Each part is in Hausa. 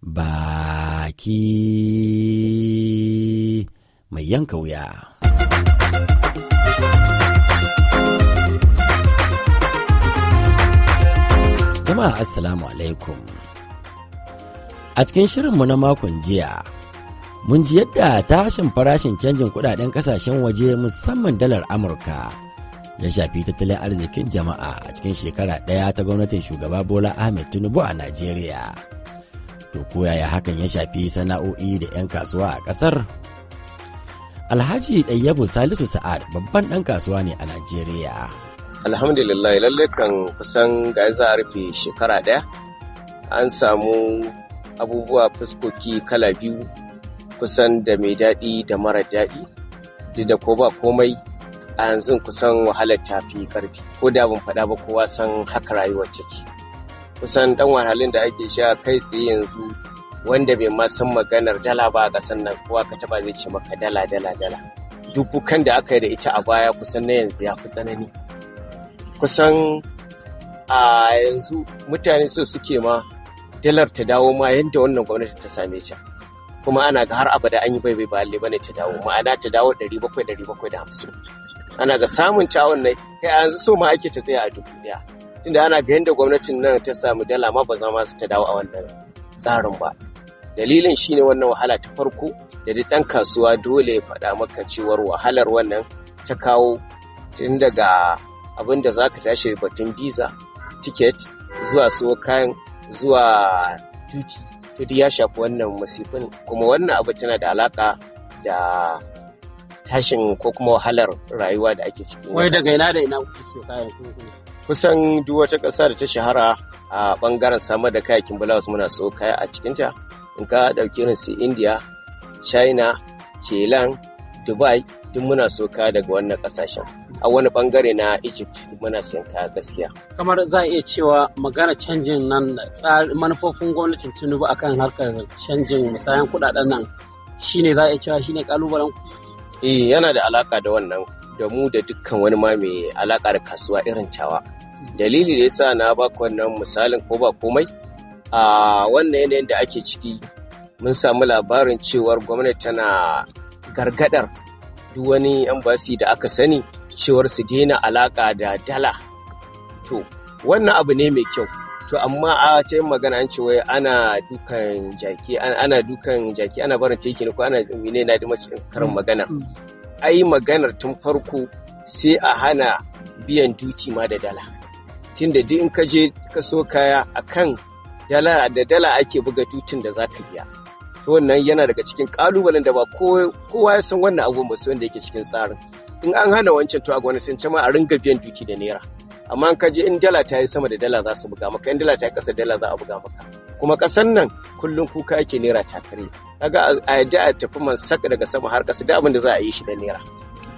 baki mai yanka wuya. Jama'a Assalamu alaikum. A cikin shirinmu na makon jiya, mun ji yadda tashin farashin canjin kudaden kasashen waje musamman dalar Amurka ya shafi tattalin arzikin jama'a a cikin shekara ɗaya ta gwamnatin shugaba Bola Ahmed Tinubu a Najeriya. To yaya hakan ya shafi sana'o'i da 'yan kasuwa a ƙasar? Alhaji Ɗayyabu Salisu Sa'ad babban ɗan kasuwa ne a Najeriya. Alhamdulillah lallai kan kusan ga za a rufe shekara ɗaya an samu abubuwa fuskoki kala biyu kusan da mai daɗi da mara daɗi da da ko ba komai a yanzu kusan wahalar ta fi ƙarfi ko da ban faɗa ba kowa san haka rayuwar take. kusan dan wahalin da ake sha kai tsaye yanzu wanda bai ma san maganar dala ba a ƙasar nan kowa ka taba zai ce maka dala dala dala bukan da aka yi da ita a baya kusan na yanzu ya fi tsanani kusan a yanzu mutane so suke ma dalar ta dawo ma yadda wannan gwamnati ta same ta kuma ana ga har abada an yi bai bai ba bane ta dawo ma'ana ta dawo 700 750 ana ga samun ta wannan kai yanzu so ma ake ta tsaya a dubu daya tunda ana ga yadda gwamnatin nan ta samu dala ma ba za ma su ta dawo a wannan tsarin ba dalilin shine wannan wahala ta farko da duk ɗan kasuwa dole ya faɗa maka cewar wahalar wannan ta kawo tun daga abin da za ka tashi batun visa ticket zuwa so kayan zuwa duty ta ya shafi wannan masifin kuma wannan abu tana da alaka da tashin ko kuma wahalar rayuwa da ake ciki wai daga ina da ina kuke kayan kuma kusan duk wata ƙasa da ta shahara a ɓangaren samar da kayakin bulawas, muna so kaya a cikinta in ka ɗauki irin su india china ceylan dubai duk muna so kaya daga wannan ƙasashen a wani ɓangare na egypt muna sayan kaya gaskiya kamar za a iya cewa magana canjin nan manufofin gwamnatin tinubu akan harkar canjin musayan kuɗaɗen nan shine za a iya cewa shine ƙalubalen eh yana da alaka da wannan da mu da dukkan wani ma mai alaƙa da kasuwa irin tawa dalili da yasa na ba wannan misalin ko ba komai a wannan yanayin da ake ciki mun samu labarin cewar gwamnati tana gargadar duk wani basi da aka sani cewar su daina alaƙa da dala to wannan abu ne mai kyau to amma a ta magana an ce wai ana dukan jaki ana dukan jaki ana barin teki ko ana ne na da karin magana mm-hmm. ai maganar tun farko sai a hana biyan duti ma da dala tunda duk in ka je ka so kaya akan dala da dala ake buga dutin da za ka biya to wannan yana daga cikin kalubalen da ba kowa ya san wannan abu ba wanda yake cikin tsarin in an hana wancan to a gwamnatin ma a ringa biyan duti da naira amma ka je in dala ta yi sama da dala za su buga maka in dala ta yi ƙasa dala za a buga maka kuma ƙasar nan kullum kuka ake naira ta kare kaga a yadda a tafi man saka daga sama har ƙasa da abin da za a yi shi da naira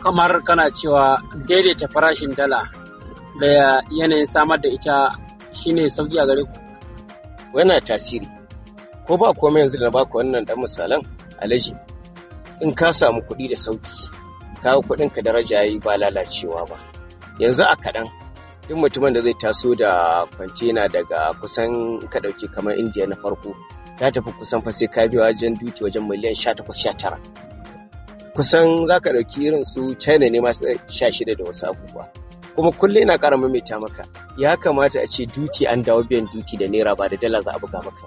kamar kana cewa daidaita farashin dala da yanayin samar da ita shine sauki a gare ku yana tasiri ko ba komai yanzu da na baku wannan dan misalan alaji in ka samu kuɗi da sauki kawo kuɗinka daraja yi ba lalacewa ba yanzu a kaɗan duk mutumin da zai taso da kwantena daga kusan ka ɗauki kamar indiya na farko ta tafi kusan fa sai ka wajen duti wajen miliyan 18-19 kusan za ka ɗauki irin su china ne masu 16 da wasu abubuwa kuma kulle na ƙara maimaita maka ya kamata a ce duti an dawo biyan duti da naira ba da dala za a buga maka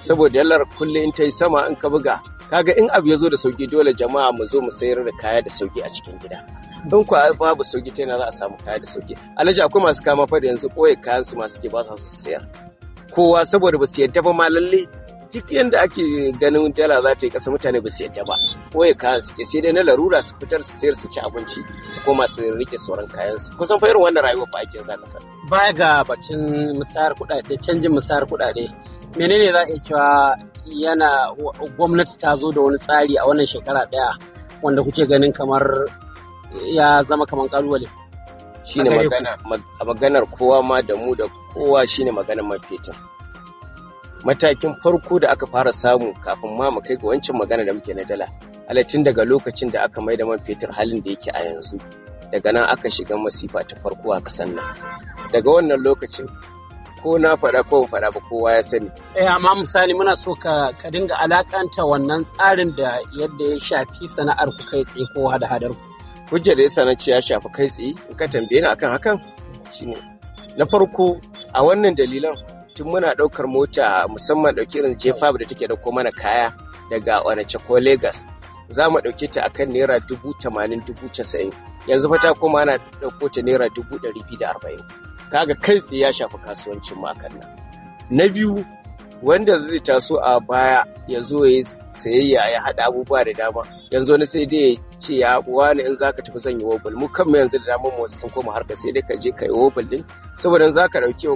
saboda dalar kulle in ta yi sama in ka buga kaga in abu ya zo da sauki dole jama'a mu zo mu sayar da kaya da sauki a cikin gida don kuwa babu sauki ta yana za a samu kaya da sauki alhaji akwai masu kama fa da yanzu ɓoye kayan su masu ke ba su sayar kowa saboda ba su yadda ba ma lalle duk yadda ake ganin dala za ta yi kasa mutane ba su yadda ba ɓoye kayan su ke sai dai na larura su fitar su sayar su ci abinci su koma su rike sauran kayan su kusan fa irin wannan rayuwar ba ake za san. baya ga bacin musayar kuɗaɗe canjin musayar kuɗaɗe menene za a cewa yana gwamnati ta zo da wani tsari a wannan shekara ɗaya wanda kuke ganin kamar ya zama kamar kalubale Shi ne maganar kowa ma da mu da kowa shine maganar mafita matakin farko da aka fara samu kafin ma mu kai ga wancan magana da muke na dala halittun daga lokacin da aka mai da man fetur halin da yake a yanzu daga nan aka shiga masifa ta farko a kasan nan daga wannan lokacin ko na faɗa ko ban faɗa ba kowa ya sani. Eh amma misali muna so ka ka dinga alakanta wannan tsarin da yadda ya shafi sana'ar ku kai tsaye ko hada-hadar ku. hujjar da yasa na ce ya shafi kai tsaye in ka tambaye ni akan hakan shine na farko a wannan dalilan tun muna ɗaukar mota musamman ɗauki irin jefa da take dauko mana kaya daga Onitsha ko Legas za mu ɗauke ta akan naira dubu tamanin dubu casa'in yanzu fa ta koma ana ɗauko ta naira dubu ɗari da arba'in kaga kai tsaye ya shafi kasuwancin mu akan nan na biyu wanda zai taso a baya ya zo ya sayayya ya haɗa abubuwa da dama yanzu wani sai dai ce ya ne in zaka tafi zan yi obul? mu kanmu yanzu da damar mu sun koma harka sai dai ka je ka yi wobble din saboda in zaka dauke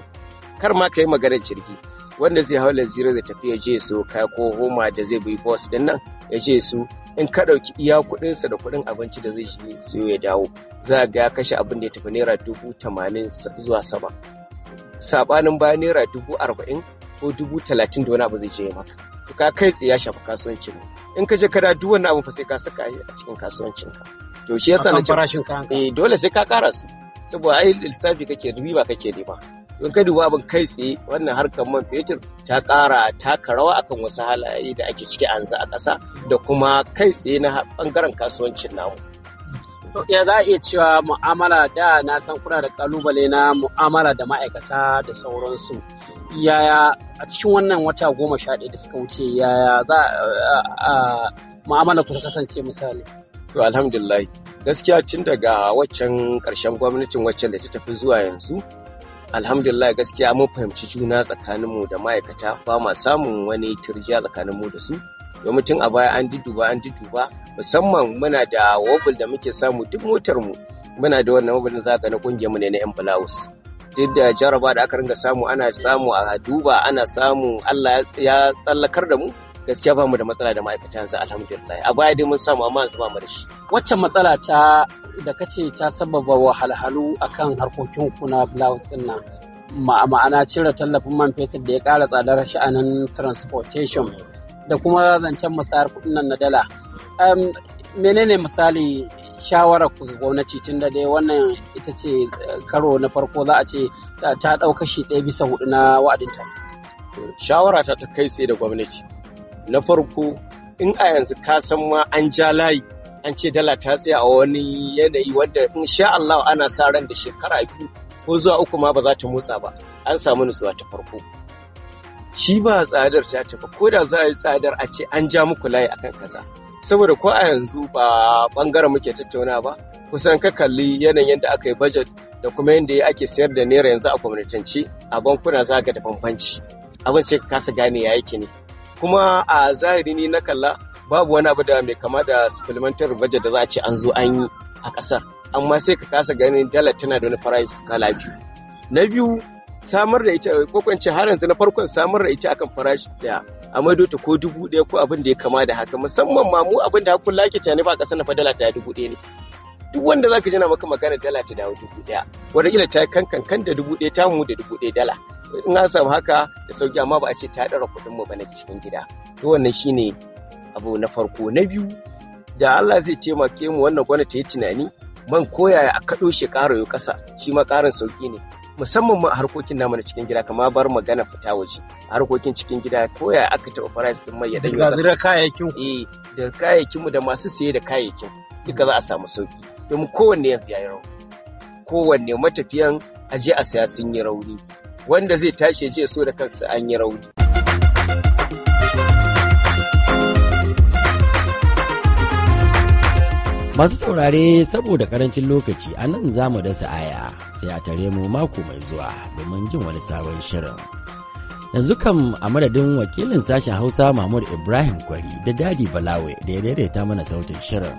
kar ma ka yi maganar jirgi wanda zai hau lazira zai tafi ya je su ka ko homa da zai bi boss din nan ya je su in ka ɗauki iya kuɗinsa da kuɗin abinci da zai je siyo ya dawo za ga ya kashe abin da ya tafi naira dubu tamanin zuwa sama saɓanin baya naira dubu arba'in ko dubu talatin da wani abu zai je maka ka kai tsaye ya shafi kasuwancin in ka je kada duk wani abin fa sai ka saka a cikin kasuwancin ka to shi yasa na eh dole sai ka kara su saboda ai lissafi kake riba kake ba in ka duba abin kai tsaye wannan harkar man fetur ta kara taka rawa akan wasu halaye da ake ciki a a ƙasa da kuma kai tsaye na bangaren kasuwancin namu ya za a iya cewa mu'amala da na san kuna da kalubale na mu'amala da ma'aikata da sauransu yaya a cikin wannan wata goma sha ɗaya da suka wuce yaya za a mu'amala ku ta kasance misali to alhamdulillah gaskiya tun daga waccan ƙarshen gwamnatin waccan da ta tafi zuwa yanzu alhamdulillah gaskiya mun fahimci juna tsakaninmu da ma'aikata ba ma samun wani turjiya tsakaninmu da su domin tun a baya an duduba an duduba musamman muna da wobul da muke samu duk motar mu muna da wannan wobul za ka na kungiyar mu ne na yan blouse duk da jaraba da aka ringa samu ana samu a duba ana samu Allah ya tsallakar da mu gaskiya ba mu da matsala da sa alhamdulillah a baya dai mun samu amma yanzu ba mu da shi waccan matsala ta da kace ta sababa wahalhalu akan harkokin ku na blouse din nan ma'ana cire tallafin man fetur da ya ƙara tsadar sha'anin transportation da kuma zancen masayar kuɗin nan na dala. menene misali shawarar ku gwamnati tun da dai wannan ita ce eh, karo na farko za a ce ta ɗau kashi ɗaya bisa hudu na wa'adinta. Shawara ta ta kai tsaye da gwamnati. Na farko in a yanzu ka san ma an ja layi an ce dala ta tsaya a wani yanayi wadda in sha Allah ana sa ran da shekara biyu ko zuwa uku ma ba za ta motsa ba an samu nutsuwa ta farko. shi ba tsadar ta tafi ko da za a yi tsadar a ce an ja muku layi akan kaza saboda ko a yanzu ba bangaren muke tattauna ba kusan ka kalli yanayin yadda aka yi budget da kuma yadda ake sayar da naira yanzu a gwamnatance a bankuna za ga da bambanci abin sai ka kasa gane ya yake ne kuma a zahiri ni na kalla babu wani abu da mai kama da supplementary budget da za a ce an zo an yi a ƙasar amma sai ka kasa gane dala tana da wani price kala biyu na biyu samar da ita ko kwance har yanzu na farkon samar da ita akan farashi daya a maido ko dubu ɗaya ko abin da ya kama da haka musamman ma mu abin da hakun lake ta ne ba kasa na fa dala ta dubu ɗaya ne duk wanda zaka ji na maka magana dala ta dawo dubu ɗaya wanda kila ta kankan kan da dubu ɗaya tamu da dubu ɗaya dala in an samu haka da sauki amma ba a ce ta dara kuɗin mu ba na cikin gida to wannan shine abu na farko na biyu da Allah zai taimake mu wannan gwamnati yi tunani man koyaya a kaɗo shi ƙarayo ƙasa shi ma ƙarin sauƙi ne musamman ma a harkokin namu na cikin gida kama bar magana fita waje harkokin cikin gida koya aka taɓa price din mai ya dan yi kayayyakin eh da kayayyakin mu da masu saye da kayayyakin duka za a samu sauki domin kowanne yanzu ya yi rauni kowanne matafiyan aje a saya sun yi rauni wanda zai tashi je so da kansa an yi rauni Masu saurare saboda karancin lokaci a nan za mu dasa aya sai a tare mu mako mai zuwa domin jin wani sabon shirin. Yanzu kam a madadin wakilin sashen Hausa Mahmud Ibrahim Kwari da Dadi Balawe da ya daidaita mana sautin shirin.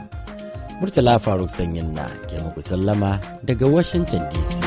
Murtala Faruk Sanyin na ke muku sallama daga Washington DC.